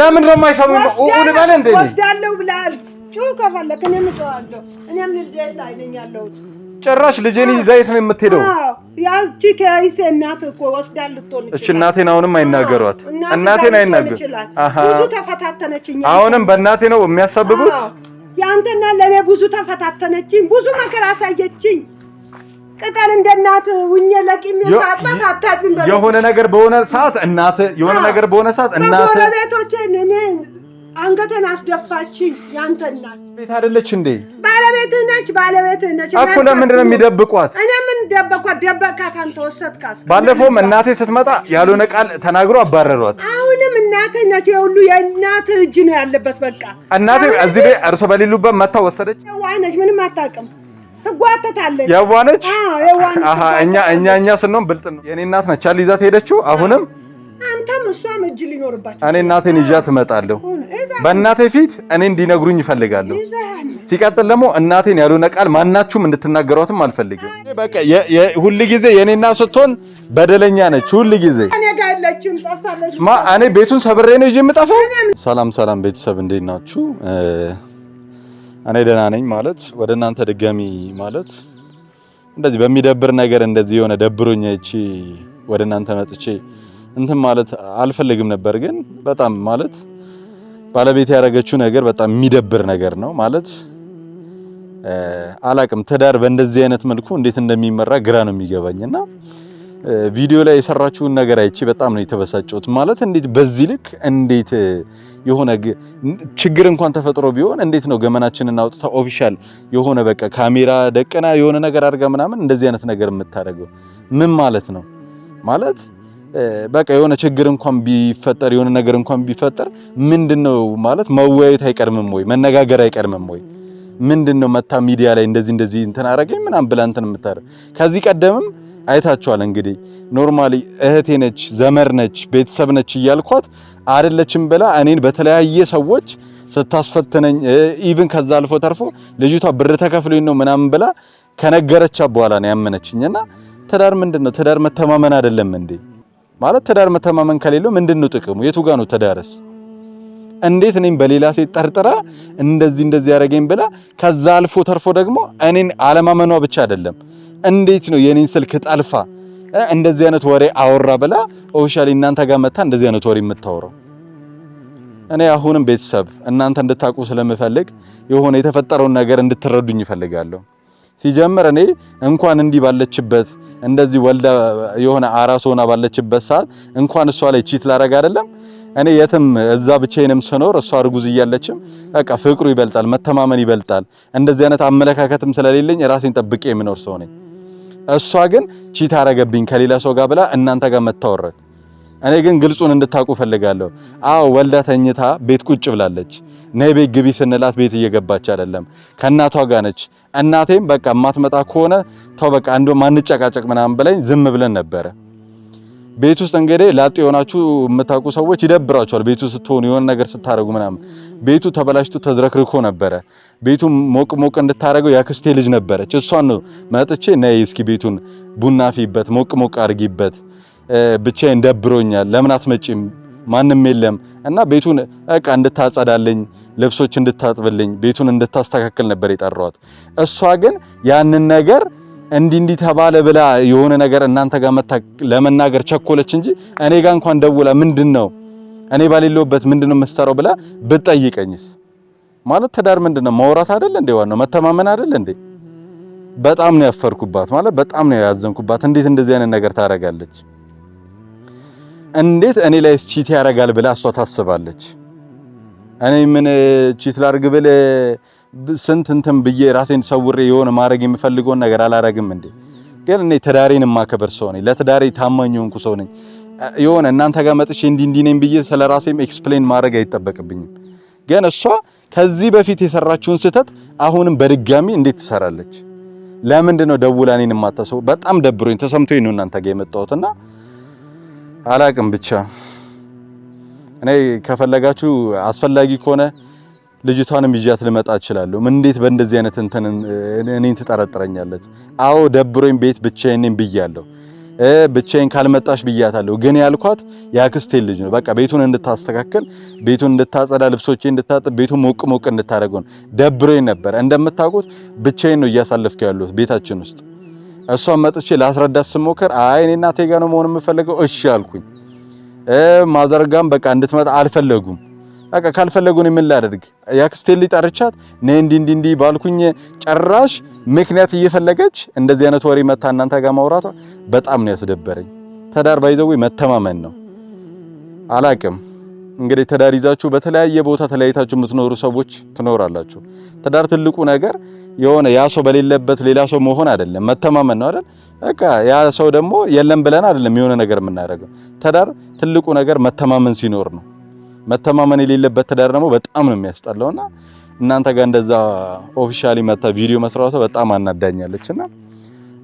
ለምን ነው የማይሰሙኝ? ልበል እንዴ ወስዳለሁ ብላል። ጩህ ከፈለክ እኔም እጮሃለሁ። እኔም ልጄ ላይ ነኝ ያለሁት። ጭራሽ ልጄን ይዘህ ነው የምትሄደው? ያቺ ከይሴ እናት እኮ ወስዳል ልትሆን እቺ እናቴን አሁንም አይናገሯት። እናቴን አይናገር። ብዙ ተፈታተነችኝ። አሁንም በእናቴ ነው የሚያሳብቡት። ያንተና ለእኔ ብዙ ተፈታተነችኝ። ብዙ መከራ አሳየችኝ። ቅጠል እንደ እናት ውኜ ለቂም የሳጣት አታጭን የሆነ ነገር በሆነ ሰዓት እናት የሆነ ነገር በሆነ ሰዓት እናት ባለቤቶቼ እኔን አንገቴን አስደፋችኝ። ያንተ እናት ቤት አይደለች እንዴ? ባለቤትህ ነች፣ ባለቤትህ ነች እኮ። ለምንድን ነው የሚደብቋት? እኔ ምን ደበኳት? ደበቃት፣ አንተ ወሰድካት። ባለፈውም እናቴ ስትመጣ ያልሆነ ቃል ተናግሮ አባረሯት። አሁንም እናቴ ነች። የሁሉ የእናት እጅ ነው ያለበት። በቃ እናቴ እዚህ ቤት እርሶ በሌሉበት መታ ወሰደች። ዋይ ነች፣ ምንም አታውቅም። ትጓተታለች። የዋነች እኛ እኛ እኛ ስንሆን ብልጥ ነው። የእኔ እናት ነች አል ይዛት ሄደችው። አሁንም አንተም እሷም እጅ ሊኖርባቸው እኔ እናቴን ይዣት እመጣለሁ። በእናቴ ፊት እኔ እንዲነግሩኝ ይፈልጋለሁ። ሲቀጥል ደግሞ እናቴን ያልሆነ ቃል ማናችሁም እንድትናገሯትም አልፈልግም። በቃ ሁል ጊዜ የኔና ስትሆን በደለኛ ነች። ሁል ጊዜ እኔ ቤቱን ሰብሬ ነው ይዤ የምጠፋው። ሰላም ሰላም ቤተሰብ እንዴት ናችሁ? እኔ ደህና ነኝ ማለት ወደ እናንተ ድጋሚ ማለት እንደዚህ በሚደብር ነገር እንደዚህ የሆነ ደብሮኝ እቺ ወደ እናንተ መጥቼ እንትን ማለት አልፈልግም ነበር። ግን በጣም ማለት ባለቤት ያደረገችው ነገር በጣም የሚደብር ነገር ነው ማለት አላቅም። ትዳር በእንደዚህ አይነት መልኩ እንዴት እንደሚመራ ግራ ነው የሚገባኝና ቪዲዮ ላይ የሰራችውን ነገር አይቼ በጣም ነው የተበሳጨሁት። ማለት እንዴት በዚህ ልክ እንዴት የሆነ ችግር እንኳን ተፈጥሮ ቢሆን እንዴት ነው ገመናችንን አውጥታ ኦፊሻል የሆነ በቃ ካሜራ ደቀና የሆነ ነገር አድርጋ ምናምን እንደዚህ አይነት ነገር የምታደርገው ምን ማለት ነው? ማለት በቃ የሆነ ችግር እንኳን ቢፈጠር የሆነ ነገር እንኳን ቢፈጠር ምንድነው ማለት መወያየት አይቀድምም ወይ? መነጋገር አይቀድምም ወይ? ምንድነው መታ ሚዲያ ላይ እንደዚህ እንደዚህ እንትን አደረገኝ ምናምን ብላ እንትን ከዚህ ቀደምም አይታችኋል። እንግዲህ ኖርማሊ እህቴ ነች፣ ዘመር ነች፣ ቤተሰብ ነች እያልኳት አይደለችም ብላ እኔን በተለያየ ሰዎች ስታስፈትነኝ ኢቭን ከዛ አልፎ ተርፎ ልጅቷ ብር ተከፍሎኝ ነው ምናምን ብላ ከነገረቻ በኋላ ነው ያመነችኝና ትዳር ምንድን ነው? ትዳር መተማመን አይደለም እንዴ? ማለት ትዳር መተማመን ከሌለው ምንድን ነው ጥቅሙ? የቱ ጋር ነው ትዳርስ? እንዴት እኔም በሌላ ሴት ጠርጥራ እንደዚህ እንደዚህ ያደረገኝ ብላ ከዛ አልፎ ተርፎ ደግሞ እኔን አለማመኗ ብቻ አይደለም፣ እንዴት ነው የኔን ስልክ ጠልፋ እንደዚህ አይነት ወሬ አወራ ብላ ኦፊሻሊ እናንተ ጋር መታ እንደዚህ አይነት ወሬ የምታወራው። እኔ አሁንም ቤተሰብ እናንተ እንድታውቁ ስለምፈልግ የሆነ የተፈጠረውን ነገር እንድትረዱኝ ይፈልጋለሁ። ሲጀምር እኔ እንኳን እንዲህ ባለችበት እንደዚህ ወልዳ የሆነ አራስ ሆና ባለችበት ሰዓት እንኳን እሷ ላይ ቺት ላረግ አይደለም እኔ የትም እዛ ብቻዬንም ስኖር እሷ እርጉዝ እያለችም በቃ ፍቅሩ ይበልጣል፣ መተማመን ይበልጣል። እንደዚህ አይነት አመለካከትም ስለሌለኝ ራሴን ጠብቄ የምኖር ሰው ነኝ። እሷ ግን ቺት አረገብኝ ከሌላ ሰው ጋር ብላ እናንተ ጋር መታወር። እኔ ግን ግልጹን እንድታውቁ ፈልጋለሁ። አዎ ወልዳ ተኝታ ቤት ቁጭ ብላለች። ነይ ቤት ግቢ ስንላት ቤት እየገባች አይደለም፣ ከእናቷ ጋር ነች። እናቴም በቃ የማትመጣ ከሆነ ተው በቃ አንዱ ማንጨቃጨቅ ምናምን ብለኝ ዝም ብለን ነበረ። ቤት ውስጥ እንግዲህ ላጤ የሆናችሁ የምታውቁ ሰዎች ይደብራችኋል። ቤቱ ስትሆኑ የሆነ ነገር ስታደርጉ ምናምን ቤቱ ተበላሽቶ ተዝረክርኮ ነበረ። ቤቱ ሞቅ ሞቅ እንድታደርገው ያክስቴ ልጅ ነበረች። እሷን ነው መጥቼ ነይ እስኪ ቤቱን ቡናፊበት ሞቅ ሞቅ አድርጊበት፣ ብቻዬን ደብሮኛል፣ ለምን አትመጪም? ማንም የለም እና ቤቱን እቃ እንድታጸዳልኝ፣ ልብሶች እንድታጥብልኝ፣ ቤቱን እንድታስተካክል ነበር የጠራኋት። እሷ ግን ያንን ነገር እንዲህ እንዲህ ተባለ ብላ የሆነ ነገር እናንተ ጋር መታ ለመናገር ቸኮለች እንጂ እኔ ጋር እንኳን ደውላ ምንድነው እኔ ባሌለሁበት ምንድነው የምትሰራው ብላ ብትጠይቀኝስ? ማለት ትዳር ምንድነው ማውራት አይደል እንዴ? ዋናው መተማመን አይደል እንዴ? በጣም ነው ያፈርኩባት፣ ማለት በጣም ነው ያዘንኩባት። እንዴት እንደዚህ አይነት ነገር ታደርጋለች? እንዴት እኔ ላይ ቺት ያደርጋል ብላ እሷ ታስባለች። እኔ ምን ቺት ላድርግ ብል ስንት እንትን ብዬ ራሴን ሰውሬ የሆነ ማድረግ የምፈልገውን ነገር አላረግም እንዴ? ግን እኔ ትዳሬን የማከበር ሰው ነኝ። ለትዳሬ ታማኝ የሆንኩ ሰው ነኝ። የሆነ እናንተ ጋር መጥቼ እንዲህ እንዲህ ነኝ ብዬ ስለ ራሴም ኤክስፕሌን ማድረግ አይጠበቅብኝም። ግን እሷ ከዚህ በፊት የሰራችውን ስህተት አሁንም በድጋሚ እንዴት ትሰራለች? ለምንድን ነው ደውላ እኔን የማታሰው? በጣም ደብሮኝ ተሰምቶኝ ነው እናንተ ጋር የመጣሁትና አላቅም ብቻ እኔ ከፈለጋችሁ አስፈላጊ ከሆነ ልጅቷንም ይዣት ልመጣ እችላለሁ። ምን እንዴት በእንደዚህ አይነት እንትን እኔን ትጠረጥረኛለች? አዎ ደብሮኝ ቤት ብቻዬን ብያለሁ። ብቻዬን ካልመጣሽ ብያታለሁ። ግን ያልኳት የአክስቴ ልጅ ነው። በቃ ቤቱን እንድታስተካከል፣ ቤቱን እንድታጸዳ፣ ልብሶቼ እንድታጥብ፣ ቤቱን ሞቅ ሞቅ እንድታደርገው ነው። ደብሮኝ ነበር። እንደምታውቁት ብቻዬን ነው እያሳለፍኩ ያለሁት ቤታችን ውስጥ። እሷን መጥቼ ላስረዳት ስሞከር አይ እኔ እናቴ ጋ ነው መሆን የምፈልገው እሺ አልኩኝ። ማዘርጋም በቃ እንድትመጣ አልፈለጉም። በቃ ካልፈለጉን ምን ላደርግ? ያክስቴን ሊጠርቻት ነይ እንዲ እንዲ እንዲ ባልኩኝ ጭራሽ ምክንያት እየፈለገች እንደዚህ አይነት ወሬ መታ እናንተ ጋር ማውራቷ በጣም ነው ያስደበረኝ። ተዳር ባይዘው መተማመን ነው። አላቅም እንግዲህ ትዳር ይዛችሁ በተለያየ ቦታ ተለያይታችሁ የምትኖሩ ሰዎች ትኖራላችሁ። ተዳር ትልቁ ነገር የሆነ ያ ሰው በሌለበት ሌላ ሰው መሆን አይደለም፣ መተማመን ነው አይደል? በቃ ያ ሰው ደግሞ የለም ብለን አይደለም የሆነ ነገር የምናደርገው። ተዳር ትልቁ ነገር መተማመን ሲኖር ነው። መተማመን የሌለበት ትዳር ደግሞ በጣም ነው እና እናንተ ጋር እንደዛ ኦፊሻሊ መታ ቪዲዮ መስራቷ በጣም አናዳኛለች እና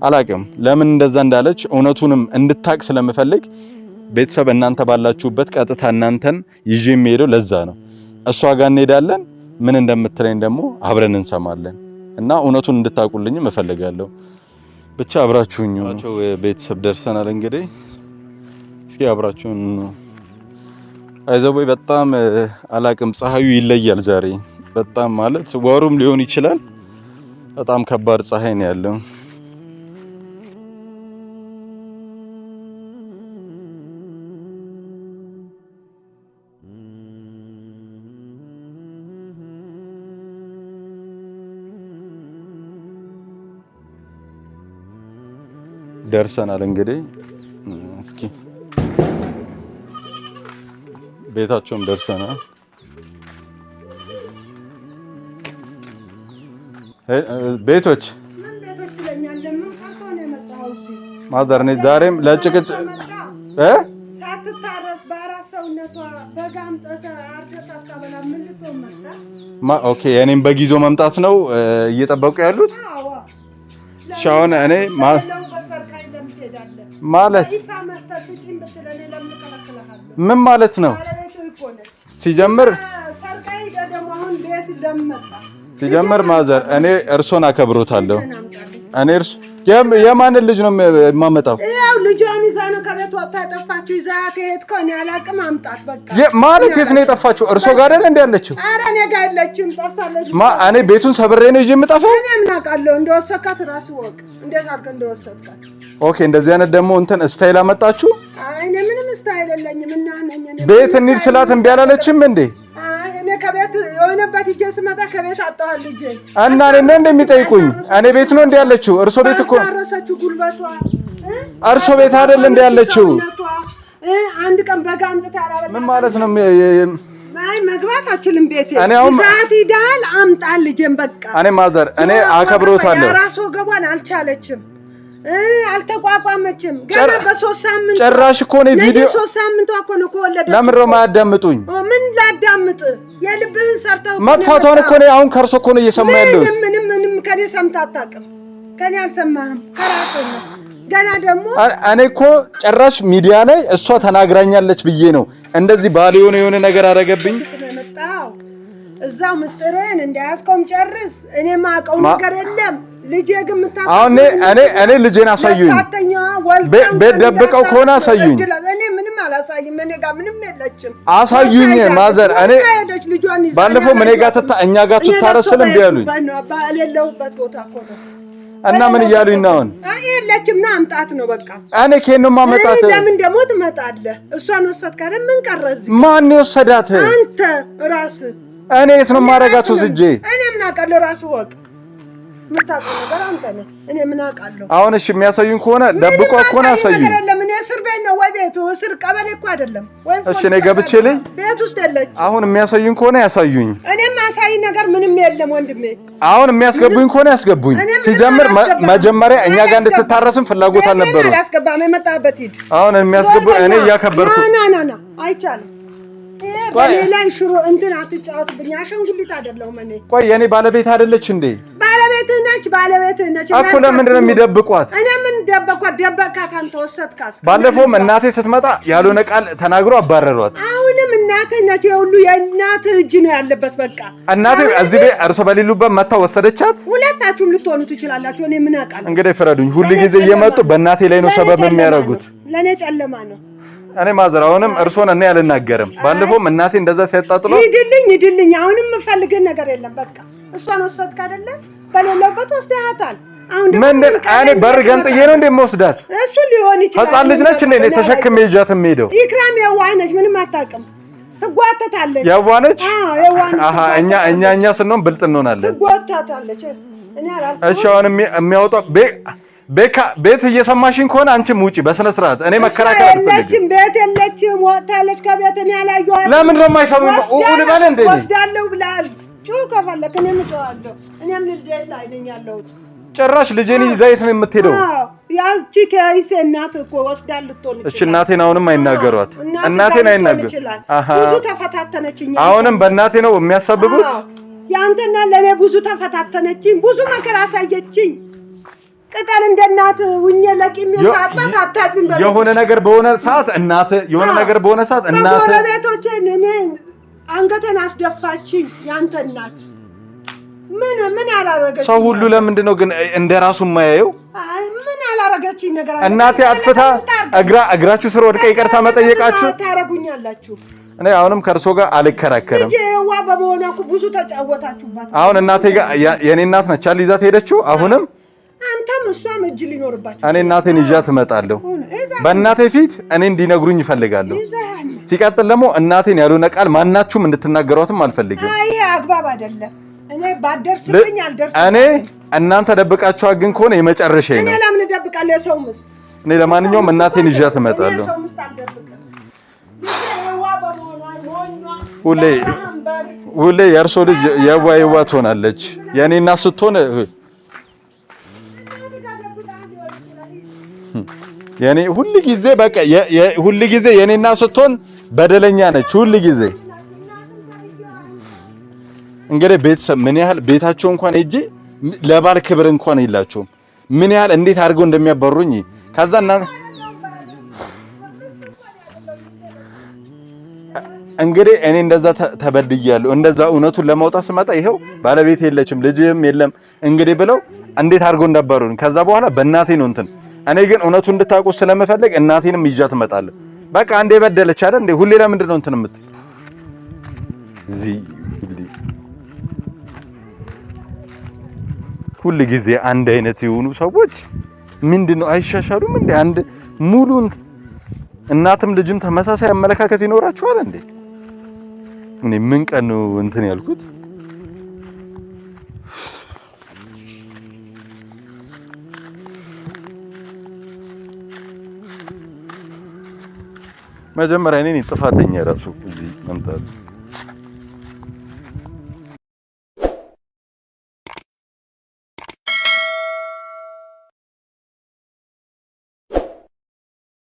አላቅም ለምን እንደዛ እንዳለች እውነቱንም እንድታቅ ስለምፈልግ ቤተሰብ እናንተ ባላችሁበት ቀጥታ እናንተን ይዤ የሚሄደው ለዛ ነው። እሷ ጋር እንሄዳለን። ምን እንደምትለኝ ደግሞ አብረን እንሰማለን እና እውነቱን እንድታቁልኝም እፈልጋለሁ። ብቻ አብራችሁኝ ቤተሰብ ደርሰናል። እንግዲህ እስኪ አብራችሁን አይዘቦይ በጣም አላቅም። ፀሐዩ ይለያል ዛሬ በጣም ማለት ወሩም ሊሆን ይችላል። በጣም ከባድ ፀሐይ ነው ያለው። ደርሰናል እንግዲህ እስኪ ቤታቸውን ደርሰናል። ቤቶች ማዘር እኔ ዛሬም ለጭቅጭ ሳትታረስ በአራት ሰውነቷ በጋምጠት አርደስ ኦኬ የእኔም በግ ይዞ መምጣት ነው እየጠበቁ ያሉት። እሺ እኔ ማለት ምን ማለት ነው? ሲጀምር ሲጀምር ማዘር እኔ እርሶን አከብሮታለሁ። እኔ እርሱ የማንን ልጅ ነው የማመጣው? ያው ልጇን ይዛ ነው ከቤት ወጣ የጠፋችው። ይዛ ከየት ከሆነ አላቅም፣ አምጣት በቃ። ማለት የት ነው የጠፋችው? እርሶ ጋር አይደል እንዴ ያለችው? ኧረ እኔ ጋር የለችም፣ ጠፍታለች። ማ እኔ ቤቱን ሰብሬ ነው ይዤ የምጠፋው? እኔ ምን አውቃለሁ? እንደወሰድካት እራስህ ወቅ፣ እንዴት አድርገህ እንደወሰድካት። ኦኬ፣ እንደዚህ አይነት ደግሞ እንትን ስታይል አመጣችሁ ትዕግስት አይደለኝም እና ቤት እንሂድ ስላት እምቢ አላለችም እንዴ? እኔ ከቤት የሆነበት ሂጅ ስመጣ ከቤት አጣኋል ልጄ እና እኔን ነው እንደሚጠይቁኝ? እኔ ቤት ነው እንዴ ያለችው? እርሶ ቤት እኮ አረሰችው ጉልበቷ እርሶ ቤት አይደል እንዴ ያለችው? አንድ ቀን በጋ አምጥታ አላበላ ምን ማለት ነው? አይ መግባት አችልም ቤቴ እኔ አሁን ሰዓት ይዳል አምጣል ልጄን በቃ እኔ ማዘር እኔ አከብሮታለሁ። ራስ ወገቧን አልቻለችም። አልተቋቋመችም። ገና በሶስት ሳምንት ጭራሽ እኮ ነው ቪዲዮ ሶስት ሳምንቷ እኮ ነው ከወለደች። ለምን ነው የማያዳምጡኝ? ምን ላዳምጥ? የልብህን ሰርተው መጥፋቷን እኮ ነው አሁን ከእርሶ እኮ ነው እየሰማ ያለው። ምንም ምንም ከኔ ሰምተህ አታውቅም። ከኔ አልሰማህም። ከራስህ ነው። ገና ደግሞ እኔ እኮ ጭራሽ ሚዲያ ላይ እሷ ተናግራኛለች ብዬ ነው እንደዚህ ባል የሆነ የሆነ ነገር አደረገብኝ። እዛው ምስጢርህን እንዳያስቆም ጨርስ። እኔ ማውቀው ነገር የለም አሁን እኔ እኔ ልጄን አሳዩኝ። ቤት ደብቀው ከሆነ አሳዩኝ። አሳዩኝ ማዘር። እኔ ባለፈው እኔ ጋር ትታ እኛ ጋር ትታረስል እምቢ አሉኝ እና ምን እያሉኝ ነው አሁን? የለችም ና አምጣት ነው በቃ። እኔ ከየት ነው የማመጣት? ለምን ደግሞ ትመጣለህ? እሷን ወሰድካት። ምን ቀረ እዚህ? ማን የወሰዳት? አንተ ራስህ። እኔ የት ነው የማደርጋት ወስጄ? እኔ ምን አውቃለሁ? ራስህ ወቅ የምታውቀው ነገር አንተ ነህ። እኔ ምን አውቃለሁ? አሁን እሺ፣ የሚያሳዩኝ ከሆነ ደብቆ እኮ ነው ያሳዩኝ። እኔ እስር ቤት ነው ወይ ቤቱ እስር ቀበሌ እኮ አይደለም። እሺ፣ እኔ ገብቼ ልኝ ቤት ውስጥ የለች። አሁን የሚያሳዩኝ ከሆነ ያሳዩኝ። እኔ ማሳይ ነገር ምንም የለም ወንድሜ። አሁን የሚያስገቡኝ ከሆነ ያስገቡኝ። ሲጀምር መጀመሪያ እኛ ጋር እንድትታረስም ፍላጎት አልነበሩ። ያስገባ የመጣበት ሂድ። አሁን የሚያስገቡ እኔ እያከበርኩ ና ና ና፣ አይቻልም በእኔ ሽሮ እንትን አትጫወትብኝ። አሸንጉሊት አይደለሁም እኔ። ቆይ የእኔ ባለቤት አይደለች እንዴ? ባለቤትህ ነች፣ ባለቤትህ ነች እኮ። ለምንድን ነው የሚደብቋት? እኔ ምን ደበኳት? ደበቃት፣ አንተ ወሰድካት። ባለፈውም እናቴ ስትመጣ ያልሆነ ቃል ተናግሮ አባረሯት። አሁንም እናቴ ነች። የሁሉ የእናት እጅ ነው ያለበት። በቃ እናቴ እዚህ ቤት እርሶ በሌሉበት መታ ወሰደቻት። ሁለታችሁም ልትሆኑ ትችላላችሁ። እኔ ምን አውቃለሁ? እንግዲህ ፍረዱኝ። ሁሉ ጊዜ እየመጡ በእናቴ ላይ ነው ሰበብ የሚያደርጉት። ለእኔ ጨለማ ነው። እኔ ማዘር አሁንም እርሶን እኔ አልናገርም። ባለፈውም እናቴ እንደዛ ሲያጣጥለው ይድልኝ ይድልኝ። አሁንም የምፈልግህ ነገር የለም። በቃ እሷን ወሰድክ አይደለም በሌለበት ወስደሃታል። ምንድን እኔ በር ገንጥዬ ነው እንደምወስዳት? እሱ ሊሆን ይችላል። ህፃን ልጅ ነች እንዴ ተሸክሜ ይዣት የምሄደው? ኢክራም የዋህ ነች፣ ምንም አታውቅም። ትጓተታለች። የዋህ ነች። እኛ እኛ እኛ ስንሆን ብልጥ እንሆናለን። ትጓተታለች። እሺ አሁን የሚያወጣው ቤካ ቤት እየሰማሽኝ ከሆነ አንቺም ውጪ በስነ ስርዓት። እኔ መከራከር አልፈልግም። ቤት የለችም፣ ወጥታለች ከቤት። እኔ አላየኋትም። ለምን ነው የማይሰሙኝ? ወስዳለሁ ብለሃል ጩህ ከፈለክ እኔም እጮሃለሁ። እኔም ልደት ላይ ነኝ ያለሁት። ጭራሽ ልጄን ዘይት ነው የምትሄደው? ያቺ ከይሴ እናት እኮ ወስዳ ልትሆን እሺ እናቴን አሁንም አይናገሯት። እናቴን አይናገሩ። ብዙ ተፈታተነችኝ። አሁንም በእናቴ ነው የሚያሳብቡት። ያንተና ለእኔ ብዙ ተፈታተነችኝ፣ ብዙ መከራ አሳየችኝ። ቅጠል እንደ እናት ውኜ ለቂም የሰዓት አታጭም። የሆነ ነገር በሆነ ሰዓት እናት የሆነ ነገር በሆነ ሰዓት እናት ቤቶቼ አንገተን አስደፋችኝ ያንተ እናት። ምን ምን ያላረገች ሰው ሁሉ ለምንድን ነው ግን እንደ ራሱ የማያየው? ምን ያላረገችኝ ነገር አለ? እናቴ አጥፍታ እግራ እግራችሁ ስር ወድቀ ይቅርታ መጠየቃችሁ ታረጉኛላችሁ። እኔ አሁንም ከእርሶ ጋር አልከራከርም። ልጄ የዋ በመሆኗ እኮ ብዙ ተጫወታችሁባት። አሁን እናቴ ጋር የኔ እናት ነች አለ ይዛት ሄደችው። አሁንም አንተም እሷም እጅ ሊኖርባችሁ። እኔ እናቴን ይዣት እመጣለሁ። በእናቴ ፊት እኔ እንዲነግሩኝ ይፈልጋለሁ። ሲቀጥል ደግሞ እናቴን ያልሆነ ቃል ማናችሁም እንድትናገሯትም አልፈልግም። አይ አግባብ አይደለም። እኔ ባደርስልኝ አልደርስም። እኔ እናንተ ደብቃችኋት ግን ከሆነ የመጨረሻ ነው። እኔ ለምን ደብቃለሁ? የሰው ምስት እኔ ለማንኛውም እናቴን ይዣት እመጣለሁ። ሁሌ ሁሌ የእርሶ ልጅ የዋ የዋ ትሆናለች። የእኔ እናት ስትሆን የኔ ሁልጊዜ በቃ ሁልጊዜ የኔ እናት ስትሆን በደለኛ ነች ሁል ጊዜ። እንግዲህ ቤተሰብ ምን ያህል ቤታቸው እንኳን ሄጄ ለባል ክብር እንኳን የላቸውም። ምን ያህል እንዴት አድርገው እንደሚያበሩኝ ከዛ እና እንግዲህ እኔ እንደዛ ተበድያለሁ። እንደዛ እውነቱን ለማውጣት ስመጣ ይኸው ባለቤት የለችም ልጅም የለም እንግዲህ ብለው እንዴት አድርገው እንዳባሩኝ። ከዛ በኋላ በእናቴ ነው እንትን እኔ ግን እውነቱን እንድታውቁ ስለምፈልግ እናቴንም ይዣት እመጣለሁ። በቃ አንዴ በደለች አይደል እንዴ? ሁሌ ለምንድን ነው እንትን የምትል እዚህ ሁል ጊዜ አንድ አይነት የሆኑ ሰዎች ምንድነው አይሻሻሉም እንዴ? አንድ ሙሉ እናትም ልጅም ተመሳሳይ አመለካከት ይኖራችኋል እንዴ? እኔ ምን ቀን ነው እንትን ያልኩት መጀመሪያ እኔ ጥፋተኛ ራሱ እዚህ መምጣት